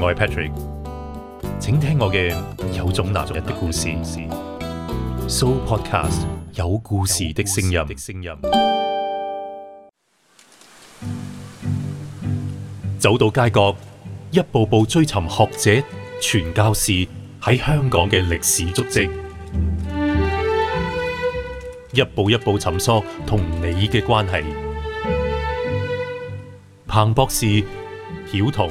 我係 Patrick，請聽我嘅有種男人的故事。So Podcast 有故事的聲音。的聲音。走到街角，一步步追尋學者、傳教士喺香港嘅歷史足跡，一步一步尋索同你嘅關係。彭博士、曉彤。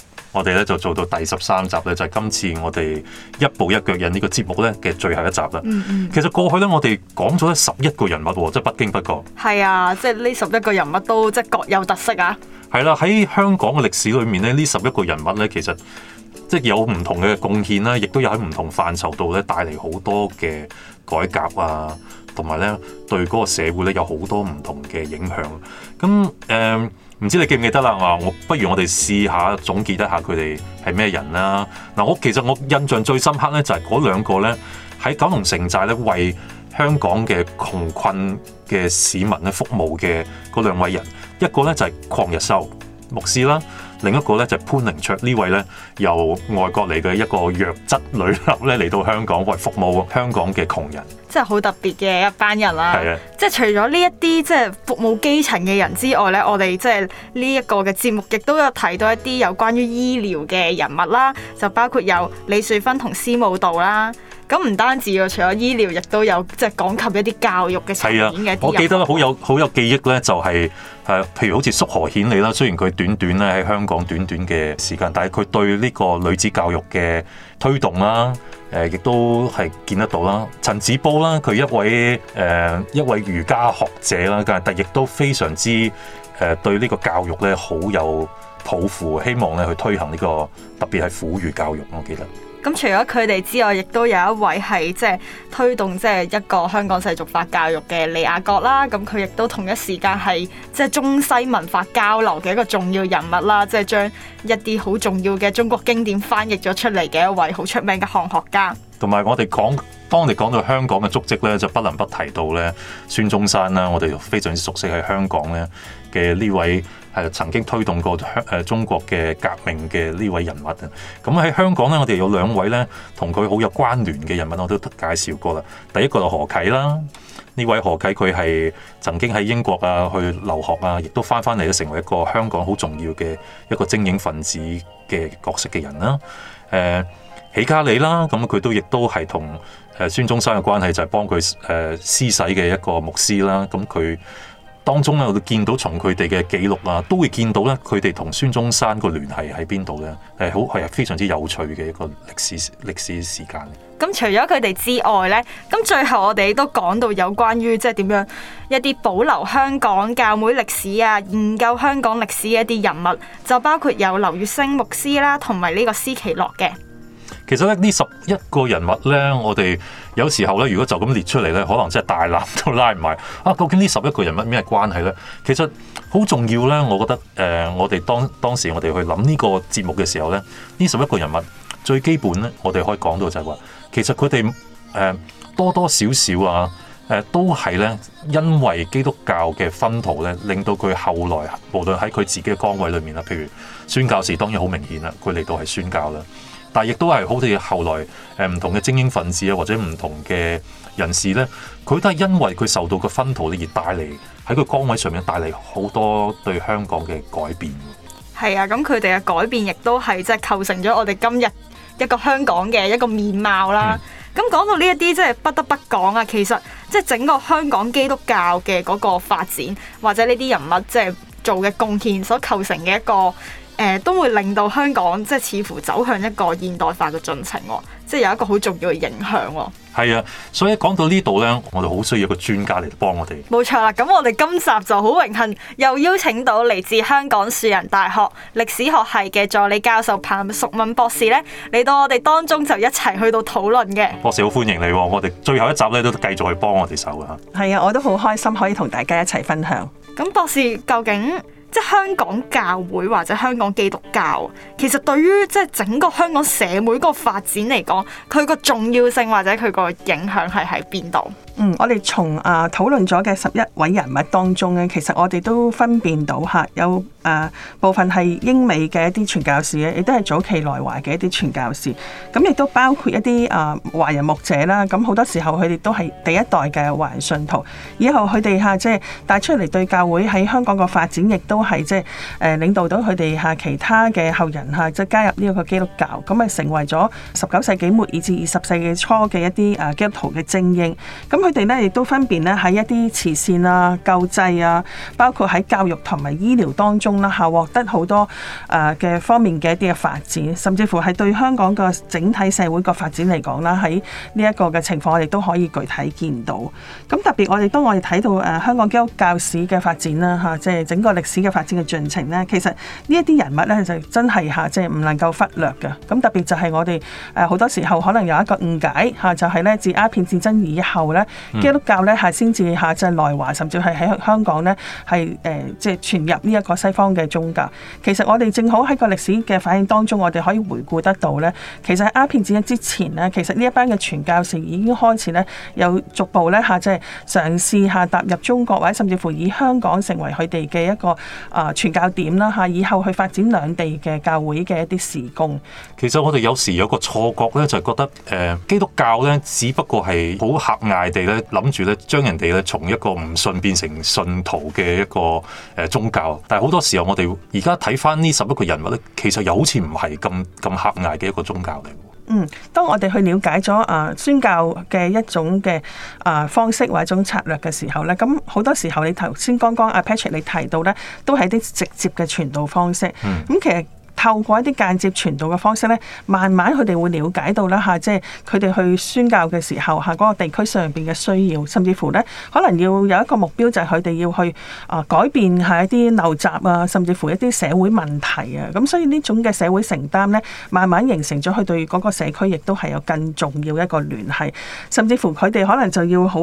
我哋咧就做到第十三集咧，就係、是、今次我哋一步一腳印呢個節目咧嘅最後一集啦。嗯嗯其實過去咧，我哋講咗十一個人物喎，即、就、係、是、不經不覺。係啊，即係呢十一個人物都即各有特色啊。係啦、啊，喺香港嘅歷史裏面咧，呢十一個人物咧，其實即係有唔同嘅貢獻啦，亦都有喺唔同範疇度咧帶嚟好多嘅改革啊，同埋咧對嗰個社會咧有好多唔同嘅影響。咁誒。嗯唔知你記唔記得啦？我不如我哋試下總結一下佢哋係咩人啦。嗱，我其實我印象最深刻咧就係嗰兩個咧喺九龍城寨咧為香港嘅窮困嘅市民咧服務嘅嗰兩位人，一個咧就係鄺日修牧師啦。另一個咧就係潘靈卓呢位咧，由外國嚟嘅一個弱質女流咧嚟到香港為服務香港嘅窮人，真係好特別嘅一班人啦的。即係除咗呢一啲即係服務基層嘅人之外咧，我哋即係呢一個嘅節目亦都有提到一啲有關於醫療嘅人物啦，就包括有李樹芬同司務道啦。咁唔單止，除咗醫療，亦都有即係講及一啲教育嘅事件。我記得好有好有記憶咧，就係、是、誒、啊，譬如好似叔河顯理啦，雖然佢短短咧喺香港短短嘅時間，但係佢對呢個女子教育嘅推動啦，誒、呃，亦都係見得到啦。陳子波啦，佢一位誒、呃、一位儒家學者啦，但係亦都非常之誒、呃、對呢個教育咧好有抱負，希望咧去推行呢、這個特別係婦孺教育。我記得。咁除咗佢哋之外，亦都有一位係即係推動即係一個香港世俗化教育嘅理雅各啦。咁佢亦都同一時間係即係中西文化交流嘅一個重要人物啦。即係將一啲好重要嘅中國經典翻譯咗出嚟嘅一位好出名嘅漢學家。同埋我哋講當我哋講到香港嘅足迹咧，就不能不提到咧孫中山啦。我哋非常之熟悉喺香港咧嘅呢位。係曾經推動過香誒中國嘅革命嘅呢位人物啊！咁喺香港咧，我哋有兩位咧同佢好有關聯嘅人物，我都介紹過啦。第一個就何啟啦，呢位何啟佢係曾經喺英國啊去留學啊，亦都返返嚟都成為一個香港好重要嘅一個精英分子嘅角色嘅人啦、啊。誒、呃，喜加里啦，咁佢都亦都係同誒孫中山嘅關係就係幫佢誒施洗嘅一個牧師啦。咁佢。當中啊，我哋見到從佢哋嘅記錄啊，都會見到咧，佢哋同孫中山個聯繫喺邊度嘅，係好係非常之有趣嘅一個歷史歷史時間。咁、嗯、除咗佢哋之外咧，咁最後我哋都講到有關於即係點樣一啲保留香港教會歷史啊、研究香港歷史嘅一啲人物，就包括有劉月星牧師啦、啊，同埋呢個施其樂嘅。其實咧呢十一個人物呢，我哋有時候呢，如果就咁列出嚟呢，可能真係大纜都拉唔埋啊！究竟呢十一個人物咩關係呢？其實好重要呢。我覺得誒、呃，我哋當當時我哋去諗呢個節目嘅時候呢，呢十一個人物最基本呢，我哋可以講到就係話，其實佢哋誒多多少少啊，誒、呃、都係呢，因為基督教嘅薰陶呢，令到佢後來無論喺佢自己嘅崗位裏面啦，譬如宣教士，當然好明顯啦，佢嚟到係宣教啦。但係亦都係好似後來誒唔、呃、同嘅精英分子啊，或者唔同嘅人士咧，佢都係因為佢受到嘅薰陶咧，而帶嚟喺個崗位上面帶嚟好多對香港嘅改變。係啊，咁佢哋嘅改變亦都係即係構成咗我哋今日一個香港嘅一個面貌啦。咁講、嗯、到呢一啲即係不得不講啊，其實即係整個香港基督教嘅嗰個發展，或者呢啲人物即係做嘅貢獻所構成嘅一個。誒，都會令到香港即係似乎走向一個現代化嘅進程，即係有一個好重要嘅影響。係啊，所以講到呢度呢，我哋好需要一個專家嚟幫我哋。冇錯啦，咁我哋今集就好榮幸又邀請到嚟自香港樹仁大學歷史學系嘅助理教授彭淑敏博士呢，嚟到我哋當中就一齊去到討論嘅。博士好歡迎你，喎，我哋最後一集呢都繼續去幫我哋手噶吓。係啊，我都好開心可以同大家一齊分享。咁博士究竟即係香港教會或者香港基督教，其實對於即係整個香港社會個發展嚟講，佢個重要性或者佢個影響係喺邊度？嗯，我哋從啊討論咗嘅十一位人物當中咧，其實我哋都分辨到嚇，有誒部分係英美嘅一啲傳教士咧，亦都係早期來華嘅一啲傳教士。咁亦都包括一啲啊華人牧者啦。咁好多時候佢哋都係第一代嘅華人信徒。以後佢哋嚇即係帶出嚟對教會喺香港嘅發展，亦都係即係誒領導到佢哋嚇其他嘅後人嚇即係加入呢個基督教，咁咪成為咗十九世紀末以二至二十世紀初嘅一啲啊基督徒嘅精英。咁佢哋咧亦都分別咧喺一啲慈善啊、救濟啊，包括喺教育同埋醫療當中啦吓獲得好多誒嘅方面嘅一啲嘅發展，甚至乎係對香港嘅整體社會個發展嚟講啦，喺呢一個嘅情況，我哋都可以具體見到。咁特別我哋當我哋睇到誒香港基督教史嘅發展啦吓即係整個歷史嘅發展嘅進程咧，其實呢一啲人物咧就真係吓即係唔能夠忽略嘅。咁特別就係我哋誒好多時候可能有一個誤解吓，就係、是、咧自鴉片戰爭以後咧。基督教咧係先至下至來華，甚至係喺香港咧係誒，即係傳入呢一個西方嘅宗教。其實我哋正好喺個歷史嘅反映當中，我哋可以回顧得到咧。其實喺鴉片戰爭之前咧，其實呢一班嘅傳教士已經開始咧，有逐步咧吓，即係嘗試下踏入中國，或者甚至乎以香港成為佢哋嘅一個啊傳教點啦吓，以後去發展兩地嘅教會嘅一啲事工。其實我哋有時有個錯覺咧，就係覺得誒、呃、基督教咧只不過係好狹隘地。咧諗住咧，將人哋咧從一個唔信變成信徒嘅一個誒宗教，但係好多時候我哋而家睇返呢十一個人物咧，其實又好似唔係咁咁狹隘嘅一個宗教嚟。嗯，當我哋去了解咗啊宣教嘅一種嘅啊方式或者一種策略嘅時候咧，咁好多時候你頭先剛剛阿、啊、Patrick 你提到咧，都係啲直接嘅傳道方式。咁、嗯嗯、其實。透過一啲間接傳道嘅方式咧，慢慢佢哋會瞭解到咧嚇，即係佢哋去宣教嘅時候嚇，嗰個地區上邊嘅需要，甚至乎咧可能要有一個目標，就係佢哋要去啊改變下一啲陋習啊，甚至乎一啲社會問題啊。咁所以呢種嘅社會承擔咧，慢慢形成咗佢對嗰個社區亦都係有更重要一個聯繫，甚至乎佢哋可能就要好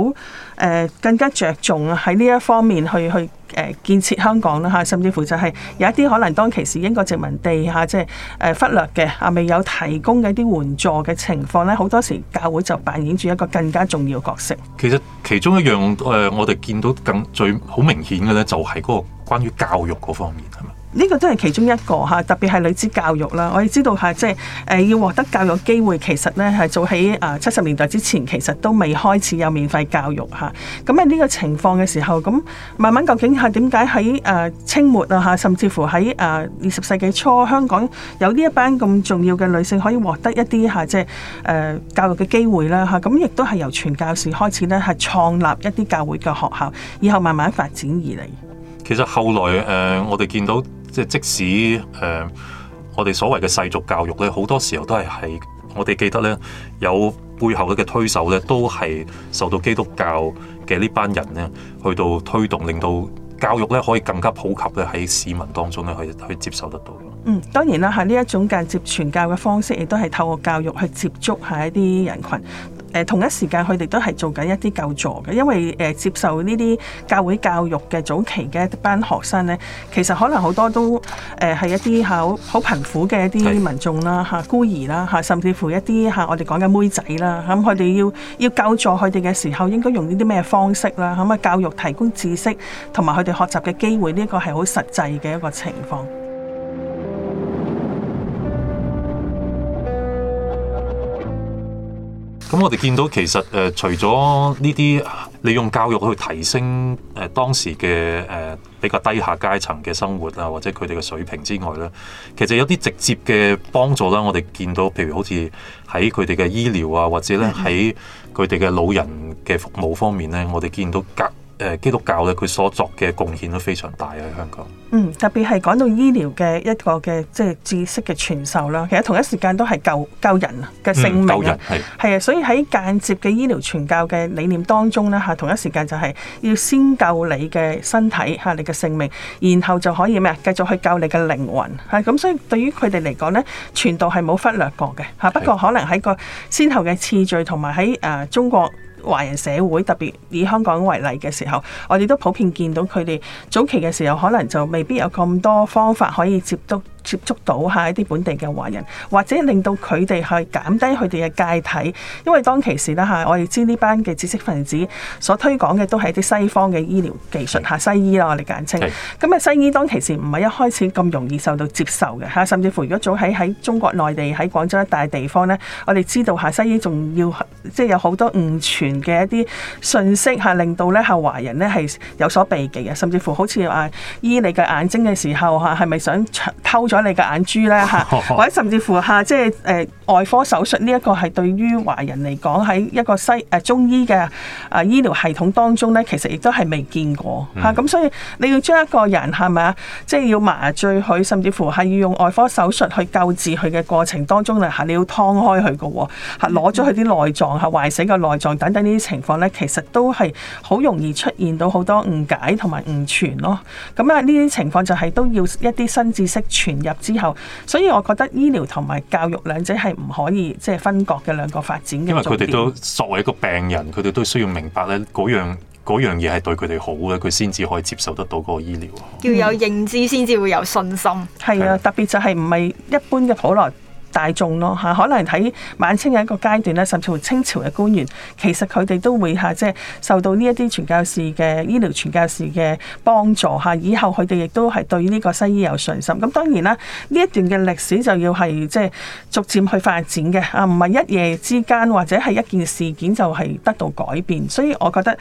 誒更加著重喺呢一方面去去。誒、呃、建設香港啦嚇、啊，甚至乎就係有一啲可能當其時英國殖民地嚇，即係誒忽略嘅嚇、啊，未有提供嘅一啲援助嘅情況咧，好多時教會就扮演住一個更加重要嘅角色。其實其中一樣誒、呃，我哋見到更最好明顯嘅咧，就係嗰個關於教育嗰方面係咪？呢個都係其中一個嚇，特別係女子教育啦。我哋知道嚇，即係誒要獲得教育機會，其實咧係早喺誒七十年代之前，其實都未開始有免費教育嚇。咁喺呢個情況嘅時候，咁慢慢究竟嚇點解喺誒清末啊嚇，甚至乎喺誒二十世紀初，香港有呢一班咁重要嘅女性可以獲得一啲嚇即係誒教育嘅機會啦嚇。咁亦都係由傳教士開始呢係創立一啲教會嘅學校，以後慢慢發展而嚟。其實後來誒，uh, 我哋見到。即係即使誒、呃，我哋所謂嘅世俗教育咧，好多時候都係喺我哋記得咧，有背後嘅推手咧，都係受到基督教嘅呢班人咧，去到推動，令到教育咧可以更加普及咧喺市民當中咧去去接受得到。嗯，當然啦，喺呢一種間接傳教嘅方式，亦都係透過教育去接觸下一啲人群。誒同一時間，佢哋都係做緊一啲救助嘅，因為誒、呃、接受呢啲教會教育嘅早期嘅一班學生咧，其實可能好多都誒係、呃、一啲嚇好貧苦嘅一啲民眾啦嚇是孤兒啦嚇，甚至乎一啲嚇我哋講嘅妹仔啦咁，佢、嗯、哋要要救助佢哋嘅時候，應該用呢啲咩方式啦咁啊、嗯？教育提供知識同埋佢哋學習嘅機會呢、呢個係好實際嘅一個情況。咁我哋見到其實誒、呃，除咗呢啲利用教育去提升誒、呃、當時嘅誒、呃、比較低下階層嘅生活啊，或者佢哋嘅水平之外咧，其實有啲直接嘅幫助咧，我哋見到譬如好似喺佢哋嘅醫療啊，或者咧喺佢哋嘅老人嘅服務方面咧，我哋見到隔。誒基督教咧，佢所作嘅貢獻都非常大啊！喺香港，嗯，特別係講到醫療嘅一個嘅即係知識嘅傳授啦，其實同一時間都係救救人啊嘅性命啊，係係啊，所以喺間接嘅醫療傳教嘅理念當中咧嚇，同一時間就係要先救你嘅身體嚇，你嘅性命，然後就可以咩繼續去救你嘅靈魂，係咁，所以對於佢哋嚟講咧，傳道係冇忽略過嘅嚇。不過可能喺個先後嘅次序同埋喺誒中國。華人社會特別以香港為例嘅時候，我哋都普遍見到，佢哋早期嘅時候，可能就未必有咁多方法可以接觸。接觸到下一啲本地嘅華人，或者令到佢哋去減低佢哋嘅芥蒂，因為當其時啦嚇、啊，我哋知呢班嘅知識分子所推廣嘅都係啲西方嘅醫療技術嚇的西醫啦，我哋簡稱。咁啊的，西醫當其時唔係一開始咁容易受到接受嘅嚇、啊，甚至乎如果早喺喺中國內地喺廣州一帶地方呢，我哋知道下西醫仲要即係有好多誤傳嘅一啲信息嚇、啊，令到呢嚇、啊、華人呢係有所避忌嘅、啊。甚至乎好似話醫你嘅眼睛嘅時候嚇，係、啊、咪想偷咗？你嘅眼珠咧嚇，或者甚至乎吓，即係誒外科手術呢一個係對於華人嚟講，喺一個西誒、呃、中醫嘅啊、呃、醫療系統當中咧，其實亦都係未見過吓。咁、嗯啊、所以你要將一個人係咪啊，即係要麻醉佢，甚至乎係要用外科手術去救治佢嘅過程當中咧吓、啊、你要劏開佢個喎，吓攞咗佢啲內臟吓壞死嘅內臟等等呢啲情況咧，其實都係好容易出現到好多誤解同埋誤傳咯。咁啊，呢啲情況就係都要一啲新知識傳入。入之後，所以我覺得醫療同埋教育兩者係唔可以即係、就是、分割嘅兩個發展。因為佢哋都作為一個病人，佢哋都需要明白咧嗰樣嗰樣嘢係對佢哋好嘅，佢先至可以接受得到嗰個醫療。要有認知先至會有信心，係、嗯、啊，特別就係唔係一般嘅普羅大眾咯嚇，可能喺晚清嘅一個階段咧，甚至乎清朝嘅官員，其實佢哋都會嚇即係受到呢一啲傳教士嘅醫療傳教士嘅幫助嚇、啊。以後佢哋亦都係對呢個西醫有信心。咁、啊、當然啦，呢一段嘅歷史就要係即係逐漸去發展嘅啊，唔係一夜之間或者係一件事件就係得到改變。所以我覺得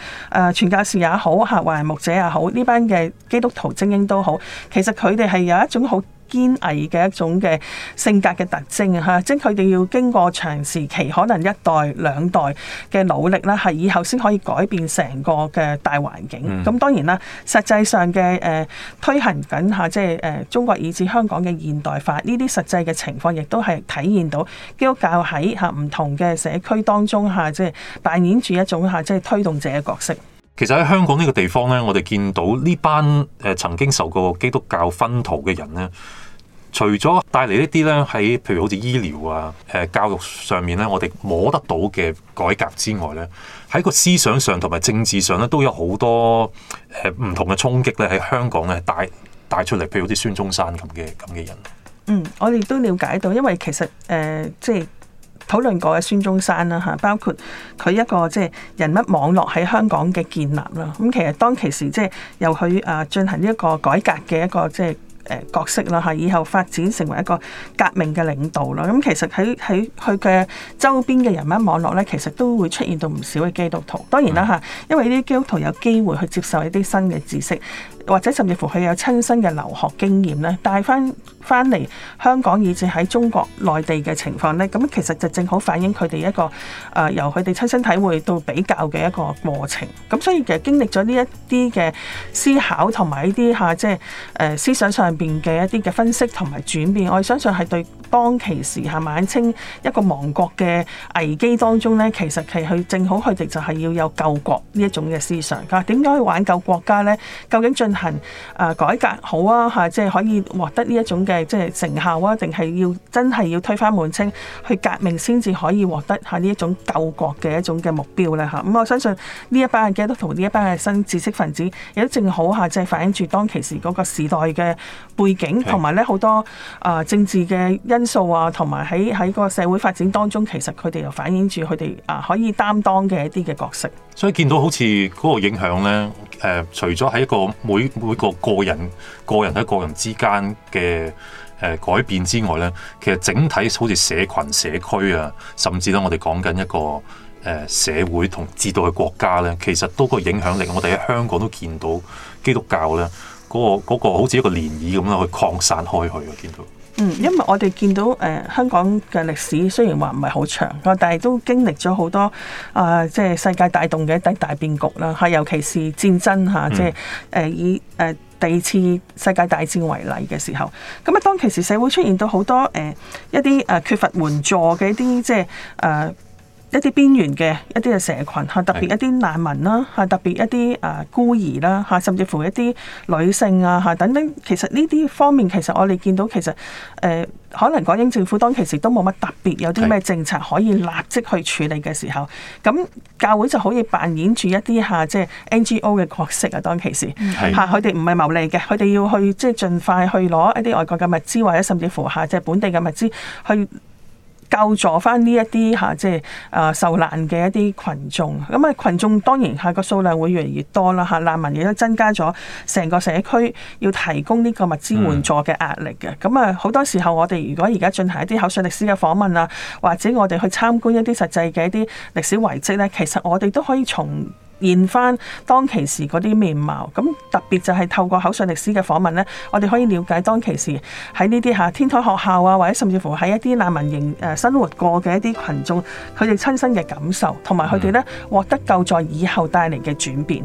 誒傳教士、啊、也好嚇，或者、啊、華人牧者也好，呢班嘅基督徒精英都好，其實佢哋係有一種好。堅毅嘅一種嘅性格嘅特徵啊，即係佢哋要經過長時期，可能一代兩代嘅努力啦，係以後先可以改變成個嘅大環境。咁、嗯、當然啦，實際上嘅誒、呃、推行緊嚇，即係誒中國以至香港嘅現代化，呢啲實際嘅情況，亦都係體現到基督教喺嚇唔同嘅社區當中嚇，即係扮演住一種嚇即係推動者嘅角色。其實喺香港呢個地方呢，我哋見到呢班誒、呃、曾經受過基督教薰陶嘅人呢，除咗帶嚟一啲呢，喺譬如好似醫療啊、誒、呃、教育上面呢，我哋摸得到嘅改革之外呢，喺個思想上同埋政治上呢，都有好多唔、呃、同嘅衝擊呢，喺香港呢帶帶出嚟，譬如好似孫中山咁嘅咁嘅人。嗯，我哋都了解到，因為其實、呃、即係。討論過嘅孫中山啦嚇，包括佢一個即係人物網絡喺香港嘅建立啦。咁其實當其時即係又去誒進行呢一個改革嘅一個即係。角色啦嚇，以後發展成為一個革命嘅領導咯。咁其實喺喺佢嘅周邊嘅人物網絡咧，其實都會出現到唔少嘅基督徒。當然啦吓，因為呢啲基督徒有機會去接受一啲新嘅知識，或者甚至乎佢有親身嘅留學經驗咧，帶翻翻嚟香港以至喺中國內地嘅情況咧。咁其實就正好反映佢哋一個誒、呃、由佢哋親身體會到比較嘅一個過程。咁所以其實經歷咗呢一啲嘅思考同埋呢啲吓，即係思想上。邊嘅一啲嘅分析同埋轉變，我相信係對。當其時係晚清一個亡國嘅危機當中呢，其實係佢正好佢哋就係要有救國呢一種嘅思想。佢話點解去挽救國家呢？究竟進行誒、呃、改革好啊？嚇、啊，即係可以獲得呢一種嘅即係成效啊？定係要真係要推翻滿清去革命先至可以獲得嚇呢一種救國嘅一種嘅目標呢？嚇、啊、咁、嗯、我相信呢一班嘅基督徒，呢一班嘅新知識分子，亦都正好嚇、啊、即係反映住當其時嗰個時代嘅背景，同埋呢好多誒、呃、政治嘅因素啊，同埋喺喺個社會發展當中，其實佢哋又反映住佢哋啊可以擔當嘅一啲嘅角色。所以見到好似嗰個影響咧，誒、呃，除咗喺一個每每個個人、個人喺個人之間嘅誒改變之外咧，其實整體好似社群、社區啊，甚至咧我哋講緊一個誒、呃、社會同制度嘅國家咧，其實都個影響力，我哋喺香港都見到基督教咧嗰、那個嗰、那個好似一個漣漪咁樣去擴散開去啊，見到。嗯，因為我哋見到誒、呃、香港嘅歷史雖然話唔係好長，但係都經歷咗好多啊、呃，即係世界大動嘅一大、大變局啦。係尤其是戰爭嚇、啊，即係誒、呃、以誒、呃、第二次世界大戰為例嘅時候，咁、嗯、啊當其時社會出現到好多誒、呃、一啲誒、呃、缺乏援助嘅一啲即係誒。呃一啲邊緣嘅一啲嘅社群嚇，特別一啲難民啦嚇，是的 特別一啲誒孤兒啦嚇，甚至乎一啲女性啊嚇等等，其實呢啲方面其實我哋見到其實誒、呃、可能港英政府當其時都冇乜特別有啲咩政策可以立即去處理嘅時候，咁是的 教會就可以扮演住一啲嚇、啊、即係 NGO 嘅角色是的 啊。當其時嚇，佢哋唔係牟利嘅，佢哋要去即係盡快去攞一啲外國嘅物資，或者甚至乎嚇即係本地嘅物資去。救助翻呢一啲嚇，即係啊、呃、受難嘅一啲群眾，咁啊羣眾當然嚇個數量會越嚟越多啦嚇、啊，難民亦都增加咗，成個社區要提供呢個物資援助嘅壓力嘅，咁啊好、嗯嗯嗯、多時候我哋如果而家進行一啲口述歷史嘅訪問啊，或者我哋去參觀一啲實際嘅一啲歷史遺跡呢，其實我哋都可以從現翻當其時嗰啲面貌，咁特別就係透過口述歷史嘅訪問咧，我哋可以了解當其時喺呢啲嚇天台學校啊，或者甚至乎喺一啲難民營誒生活過嘅一啲群眾，佢哋親身嘅感受，同埋佢哋咧獲得救助以後帶嚟嘅轉變。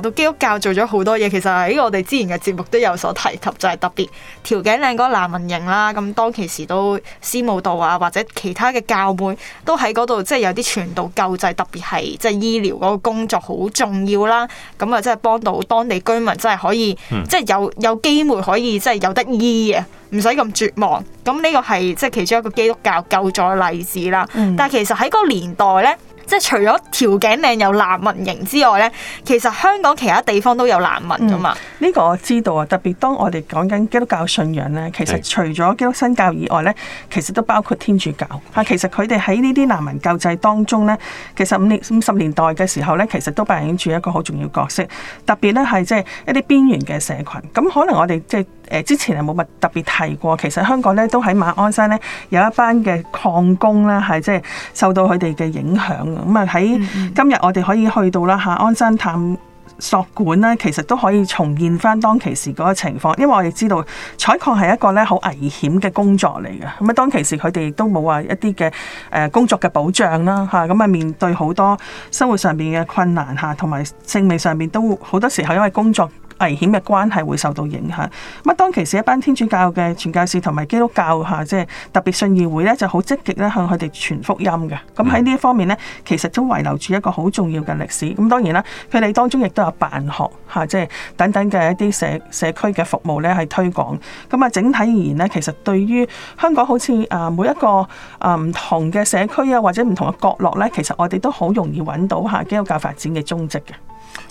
到基督教做咗好多嘢，其實喺我哋之前嘅節目都有所提及，就係、是、特別調景嶺嗰個難民營啦。咁當其時都司務道啊，或者其他嘅教會都喺嗰度，即、就、係、是、有啲傳道救濟，特別係即係醫療嗰個工作好重要啦。咁啊，即係幫到當地居民，真係可以，即係、嗯、有有機會可以，即、就、係、是、有得醫嘅，唔使咁絕望。咁呢個係即係其中一個基督教救助嘅例子啦。嗯、但係其實喺個年代咧。即係除咗調景嶺有難民營之外咧，其實香港其他地方都有難民㗎嘛。呢、嗯這個我知道啊，特別當我哋講緊基督教信仰咧，其實除咗基督新教以外咧，其實都包括天主教啊。其實佢哋喺呢啲難民救濟當中咧，其實五年五十年代嘅時候咧，其實都扮演住一個好重要角色。特別咧係即係一啲邊緣嘅社群，咁可能我哋即係誒之前係冇乜特別提過。其實香港咧都喺馬鞍山咧有一班嘅礦工啦，係即係受到佢哋嘅影響。咁啊喺今日我哋可以去到啦嚇，鞍山探索館咧，其實都可以重現翻當其時嗰個情況，因為我哋知道採礦係一個咧好危險嘅工作嚟嘅。咁啊，當其時佢哋都冇話一啲嘅誒工作嘅保障啦嚇，咁啊面對好多生活上邊嘅困難嚇，同埋性命上邊都好多時候因為工作。危險嘅關係會受到影響。咁啊，當其時一班天主教嘅傳教士同埋基督教嚇，即係特別信義會咧，就好積極咧向佢哋傳福音嘅。咁喺呢一方面咧，嗯、其實都遺留住一個好重要嘅歷史。咁當然啦，佢哋當中亦都有辦學嚇，即係等等嘅一啲社社區嘅服務咧，係推廣。咁啊，整體而言咧，其實對於香港好似啊每一個啊唔同嘅社區啊或者唔同嘅角落咧，其實我哋都好容易揾到嚇基督教發展嘅蹤跡嘅。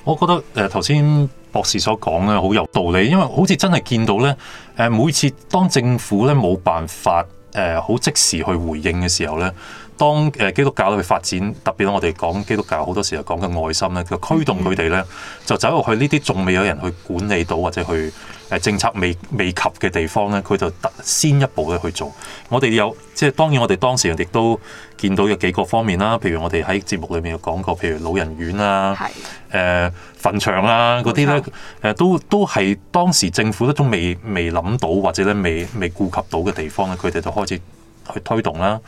我覺得誒頭先博士所講咧好有道理，因為好似真係見到咧誒、呃、每次當政府咧冇辦法誒好、呃、即時去回應嘅時候咧。當誒基督教去發展，特別我哋講基督教好多時候講緊愛心咧，就驅動佢哋咧，就走入去呢啲仲未有人去管理到或者去誒政策未未及嘅地方咧，佢就特先一步咧去做。我哋有即係當然，我哋當時亦都見到有幾個方面啦，譬如我哋喺節目裏面有講過，譬如老人院啊，誒的、呃、墳場啊嗰啲咧，誒錯都都係當時政府都仲未未諗到或者咧未未顧及到嘅地方咧，佢哋就開始去推動啦。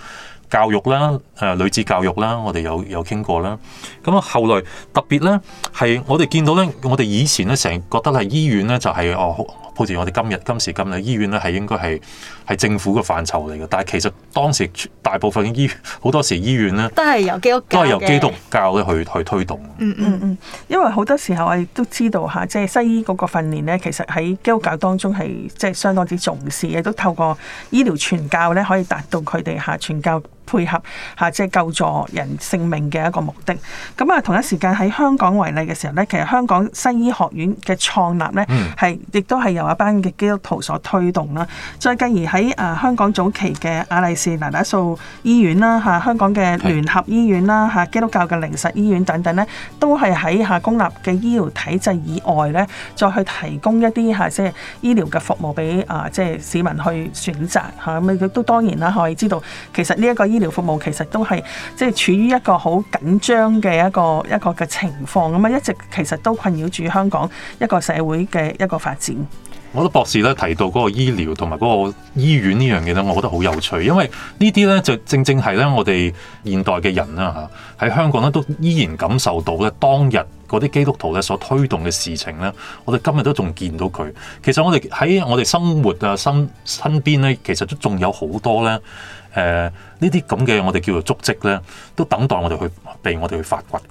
教育啦，誒女子教育啦，我哋有有傾過啦。咁啊，後來特別咧，係我哋見到咧，我哋以前咧成日覺得係醫院咧就係、是、哦，好似我哋今日今時今日醫院咧係應該係係政府嘅範疇嚟嘅。但係其實當時大部分嘅醫院好多時醫院咧都係由基督教，都係由基督教咧去去推動嗯。嗯嗯嗯，因為好多時候我哋都知道嚇，即、就、係、是、西醫嗰個訓練咧，其實喺基督教當中係即係相當之重視，亦都透過醫療傳教咧可以達到佢哋下傳教。配合嚇，即係救助人性命嘅一個目的。咁啊，同一時間喺香港為例嘅時候咧，其實香港西醫學院嘅創立咧，係亦都係由一班嘅基督徒所推動啦。再繼而喺啊香港早期嘅雅麗氏那打素醫院啦嚇，香港嘅聯合醫院啦嚇，基督教嘅靈實醫院等等咧，都係喺嚇公立嘅醫療體制以外咧，再去提供一啲嚇即係醫療嘅服務俾啊即係市民去選擇嚇，咁啊，亦都當然啦可以知道，其實呢一個醫醫療服務其實都係即係處於一個好緊張嘅一個一個嘅情況，咁啊一直其實都困擾住香港一個社會嘅一個發展。我覺得博士咧提到嗰個醫療同埋嗰個醫院呢樣嘢咧，我覺得好有趣，因為呢啲咧就正正係咧我哋現代嘅人啦、啊、嚇，喺香港咧都依然感受到咧當日嗰啲基督徒咧所推動嘅事情咧，我哋今日都仲見到佢。其實我哋喺我哋生活啊身身邊咧，其實都仲有好多咧，誒呢啲咁嘅我哋叫做足跡咧，都等待我哋去被我哋去發掘嘅。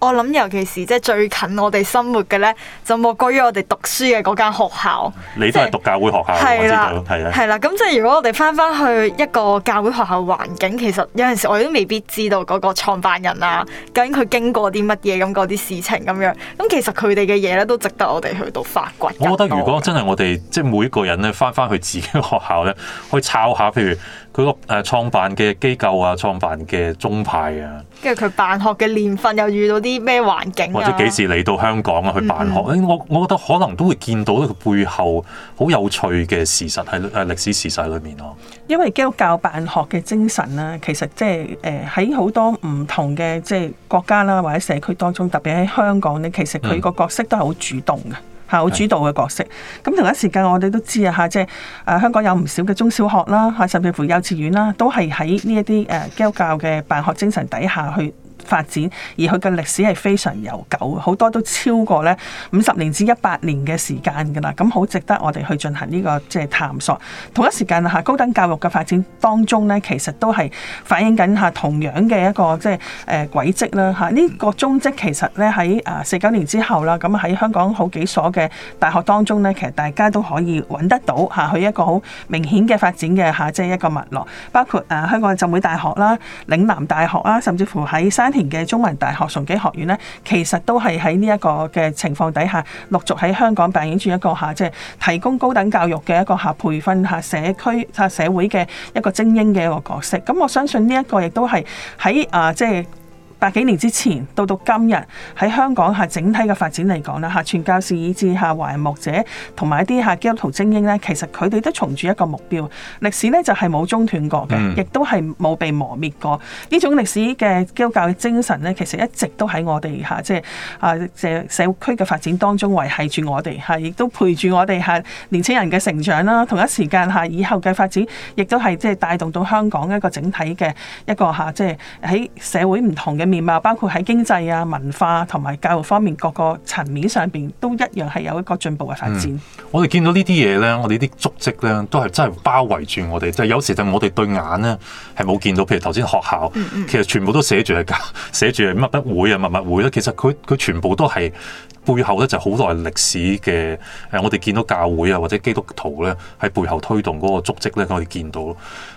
我諗，尤其是即係最近我哋生活嘅，呢，就莫過於我哋讀書嘅嗰間學校。你都係讀教會學校，就是，我知道。係啦的，係啦的。咁即係如果我哋翻翻去一個教會學校環境，其實有陣時我哋都未必知道嗰個創辦人啊，究竟佢經過啲乜嘢咁嗰啲事情咁樣。咁其實佢哋嘅嘢呢，都值得我哋去到發掘。我覺得如果真係我哋即係每一個人呢，翻翻去自己學校呢，可以抄下，譬如佢個誒創辦嘅機構啊，創辦嘅宗派啊。跟住佢辦學嘅年份，又遇到啲咩環境啊？或者幾時嚟到香港啊？去辦學，嗯、哎、我我覺得可能都會見到佢背後好有趣嘅事實喺誒歷史事實裏面咯。因為基督教辦學嘅精神啊，其實即係誒喺好多唔同嘅即係國家啦，或者社區當中，特別喺香港咧，其實佢個、嗯、角色都係好主動嘅。係好主導嘅角色，咁是的 同一時間我哋都知啊，即係誒香港有唔少嘅中小學啦，嚇、啊、甚至乎幼稚園啦，都係喺呢一啲基督教嘅辦學精神底下去發展而佢嘅歷史係非常悠久，好多都超過咧五十年至一百年嘅時間㗎啦。咁好值得我哋去進行呢個即係探索。同一時間啊，高等教育嘅發展當中咧，其實都係反映緊嚇同樣嘅一個即係誒、呃、軌跡啦，嚇、啊、呢、這個蹤跡其實咧喺啊四九年之後啦，咁、啊、喺香港好幾所嘅大學當中咧，其實大家都可以揾得到嚇佢、啊、一個好明顯嘅發展嘅嚇、啊、即係一個脈絡，包括啊香港浸會大學啦、嶺、啊、南大學啦、啊，甚至乎喺山。田嘅中文大學崇基學院咧，其實都係喺呢一個嘅情況底下，陸續喺香港扮演住一個吓，即係提供高等教育嘅一個吓、啊、培訓下、啊、社區吓、啊、社會嘅一個精英嘅一個角色。咁、嗯、我相信呢一個亦都係喺啊，即係。百幾年之前到到今日喺香港嚇整體嘅發展嚟講啦嚇，傳教士以至下華人牧者同埋一啲嚇基督徒精英咧，其實佢哋都從住一個目標，歷史咧就係、是、冇中斷過嘅，亦都係冇被磨滅過呢、嗯、種歷史嘅基督教嘅精神咧，其實一直都喺我哋嚇即係啊社社區嘅發展當中維係住我哋嚇，亦都陪住我哋嚇年輕人嘅成長啦。同一時間嚇以後嘅發展，亦都係即係帶動到香港一個整體嘅一個嚇即係喺社會唔同嘅。面包括喺經濟啊、文化同、啊、埋教育方面各個層面上邊都一樣係有一個進步嘅發展，嗯。我哋見到呢啲嘢呢，我哋啲足跡呢都係真係包圍住我哋。就是，有時就我哋對眼呢，係冇見到，譬如頭先學校，嗯嗯其實全部都寫住係教，寫住係乜乜會啊、乜乜會咧，啊。其實佢佢全部都係背後呢，就好耐歷史嘅，誒。我哋見到教會啊或者基督徒呢，喺背後推動嗰個足跡呢。我哋見到。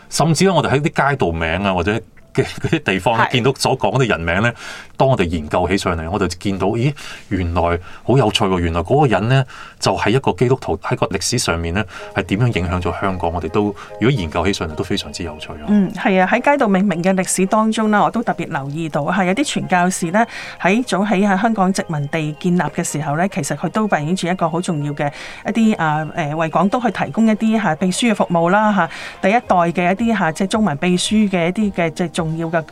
甚至咧，我哋喺啲街道名啊或者。嘅啲地方咧，是的 見到所講嗰啲人名咧，當我哋研究起上嚟，我哋見到，咦，原來好有趣喎、哦！原來嗰個人咧，就係一個基督徒喺個歷史上面咧，係點樣影響咗香港？我哋都如果研究起上嚟都非常之有趣啊、哦！嗯，係啊，喺街道命名嘅歷史當中啦，我都特別留意到，係有啲傳教士咧，喺早喺喺香港殖民地建立嘅時候咧，其實佢都扮演住一個好重要嘅一啲啊誒為廣東去提供一啲吓秘書嘅服務啦吓第一代嘅一啲吓即係中文秘書嘅一啲嘅即係。重要嘅誒、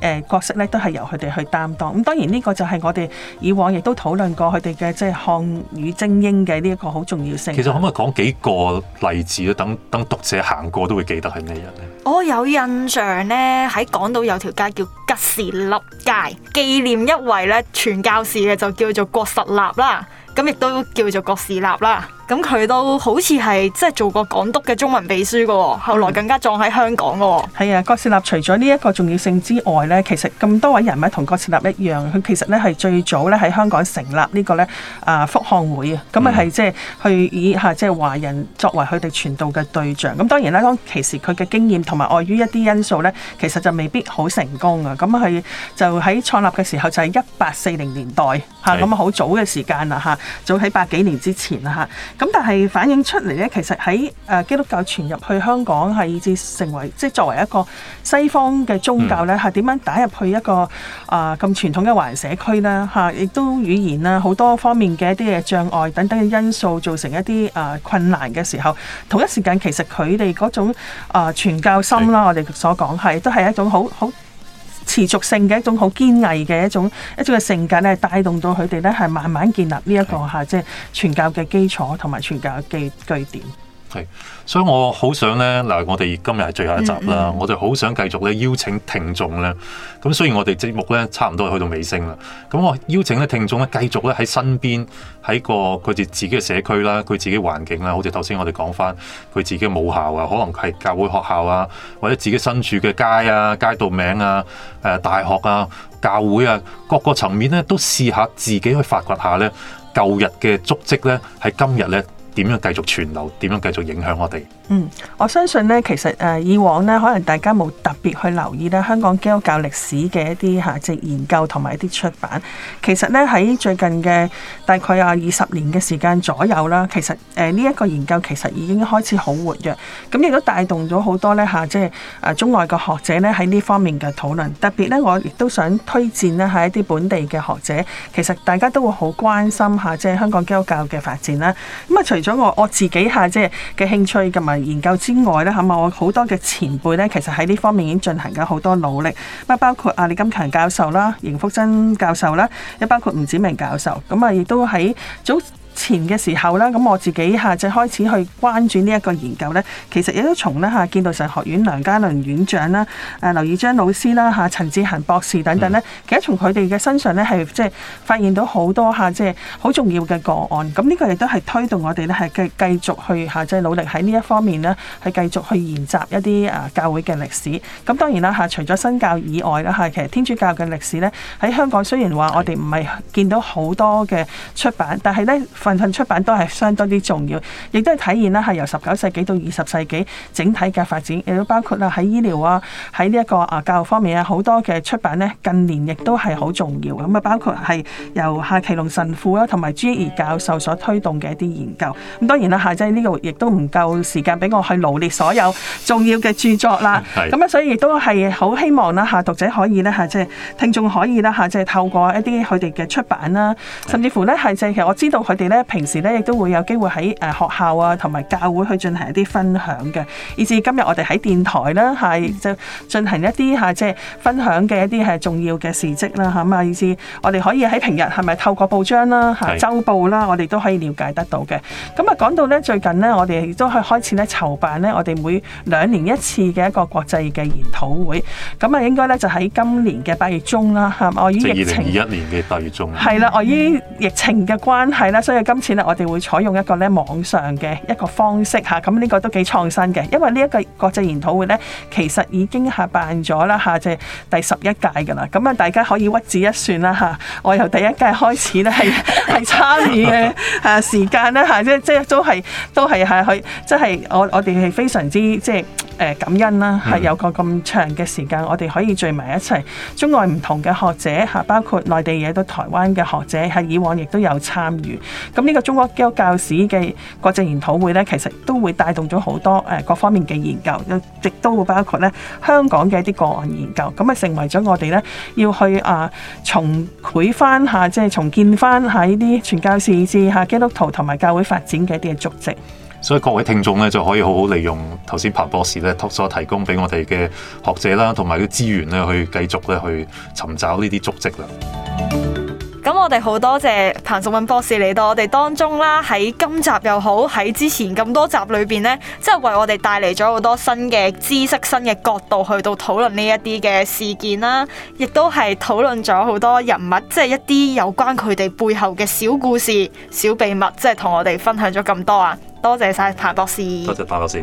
呃、角色咧，都係由佢哋去擔當。咁、嗯、當然呢個就係我哋以往亦都討論過佢哋嘅即係漢語精英嘅呢一個好重要性。其實可唔可以講幾個例子咧？等等讀者行過都會記得係咩人咧？我有印象呢，喺港島有條街叫吉士立街，紀念一位咧傳教士嘅，就叫做郭實立啦。咁亦都叫做郭士立啦。咁佢都好似係即係做過港督嘅中文秘書噶、哦，後來更加撞喺香港噶、哦。係啊，郭士立除咗呢一個重要性之外咧，其實咁多位人物同郭士立一樣，佢其實咧係最早咧喺香港成立呢、這個咧啊、呃、福漢會、嗯、啊，咁啊係即係去以吓即係華人作為佢哋傳道嘅對象。咁當然啦，其實佢嘅經驗同埋礙於一啲因素咧，其實就未必好成功啊。咁佢就喺創立嘅時候就係一八四零年代吓，咁啊好早嘅時間啦吓、啊，早喺百幾年之前啦吓。啊咁但係反映出嚟咧，其實喺誒基督教傳入去香港以至成為，即係作為一個西方嘅宗教咧，係點樣打入去一個啊咁傳統嘅華人社區咧？嚇，亦都語言啦，好多方面嘅一啲嘅障礙等等嘅因素，造成一啲啊困難嘅時候，同一時間其實佢哋嗰種啊傳教心啦，我哋所講係都係一種好好持續性嘅一種好堅毅嘅一種一種嘅性格咧，帶動到佢哋咧係慢慢建立呢、這、一個嚇對即係傳教嘅基礎同埋傳教嘅基據點。係，所以我好想咧嗱，我哋今日係最後一集啦，嗯嗯我就好想繼續咧邀請聽眾咧。咁雖然我哋節目咧差唔多去到尾聲啦，咁、嗯、我邀請咧聽眾咧繼續咧喺身邊，喺個佢哋自己嘅社區啦，佢自己環境啦，好似頭先我哋講翻佢自己嘅母校啊，可能係教會學校啊，或者自己身處嘅街啊、街道名啊、誒、呃、大學啊、教會啊，各個層面咧都試下自己去發掘下咧，舊日嘅足跡咧，喺今日咧。點樣繼續傳流？點樣繼續影響我哋？嗯，我相信呢，其實誒以往呢，可能大家冇特別去留意呢香港基督教歷史嘅一啲嚇即研究同埋一啲出版。其實呢，喺最近嘅大概啊二十年嘅時間左右啦，其實誒呢一個研究其實已經開始好活躍，咁亦都帶動咗好多呢，嚇、啊、即係誒中外嘅學者呢喺呢方面嘅討論。特別呢，我亦都想推薦呢喺一啲本地嘅學者，其實大家都會好關心下，即係香港基督教嘅發展啦。咁啊，除咗咁我我自己下即係嘅興趣同埋研究之外咧，咁啊，我好多嘅前輩咧，其實喺呢方面已經進行緊好多努力，乜包括阿李金強教授啦、邢福真教授啦，亦包括吳子明教授，咁啊亦都喺早前嘅時候啦，咁我自己嚇就開始去關注呢一個研究呢。其實亦都從呢，嚇見到神學院梁家麟院長啦、誒劉宇章老師啦嚇、陳志恒博士等等呢，其實從佢哋嘅身上呢，係即係發現到好多嚇即係好重要嘅個案。咁、這、呢個亦都係推動我哋呢，係繼繼續去下即係努力喺呢一方面呢，係繼續去研習一啲誒教會嘅歷史。咁當然啦嚇，除咗新教以外啦嚇，其實天主教嘅歷史呢，喺香港雖然話我哋唔係見到好多嘅出版，但係呢。運燙出版都係相當之重要，亦都係體現啦，係由十九世紀到二十世紀整體嘅發展，亦都包括啦喺醫療啊，喺呢一個教育方面啊，好多嘅出版呢，近年亦都係好重要。咁啊，包括係由夏其龍神父啦、啊，同埋朱益教授所推動嘅一啲研究。咁當然啦，夏姐呢度亦都唔夠時間俾我去羅列所有重要嘅著作啦。咁是啊，所以亦都係好希望啦，哈讀者可以呢，哈即係聽眾可以啦，哈即係透過一啲佢哋嘅出版啦，甚至乎呢。係即其實我知道佢哋呢。平時咧亦都會有機會喺誒、呃、學校啊同埋教會去進行一啲分享嘅，以至今日我哋喺電台咧係就進行一啲嚇、啊、即係分享嘅一啲係重要嘅事蹟啦嚇。咁啊，以至我哋可以喺平日係咪透過報章啦、周、啊、報啦，我哋都可以瞭解得到嘅。咁啊是，講到咧最近呢，我哋亦都係開始咧籌辦咧，我哋每兩年一次嘅一個國際嘅研討會。咁啊，應該咧就喺今年嘅八月中啦嚇。我依疫情二一年嘅八月中係啦。我依疫情嘅關係啦，所以。今次咧，我哋會採用一個咧網上嘅一個方式嚇，咁、啊、呢、這個都幾創新嘅。因為呢一個國際研討會咧，其實已經係辦咗啦，即、啊、係第十一屆噶啦。咁啊，大家可以屈指一算啦嚇、啊。我由第一屆開始咧，係係參與嘅啊時間咧嚇，即即都係都係係去，即係我我哋係非常之即誒、呃、感恩啦，係、啊、有個咁長嘅時間，我哋可以聚埋一齊，中外唔同嘅學者嚇、啊，包括內地嘢都，台灣嘅學者喺、啊、以往亦都有參與。咁呢個中國基督教史嘅國際研討會咧，其實都會帶動咗好多誒各方面嘅研究，亦都會包括咧香港嘅一啲個案研究，咁啊成為咗我哋咧要去啊重繪翻下，即係重建翻喺啲傳教士，至嚇基督徒同埋教會發展嘅一啲嘅足跡。所以各位聽眾咧就可以好好利用頭先彭博士咧託所提供俾我哋嘅學者啦，同埋啲資源咧去繼續咧去尋找呢啲足跡啦。咁我哋好多謝彭淑敏博士嚟到我哋當中啦，喺今集又好，喺之前咁多集裏邊呢，即係為我哋帶嚟咗好多新嘅知識、新嘅角度去到討論呢一啲嘅事件啦，亦都係討論咗好多人物，即係一啲有關佢哋背後嘅小故事、小秘密，即係同我哋分享咗咁多啊！多謝晒彭博士，多謝彭博士。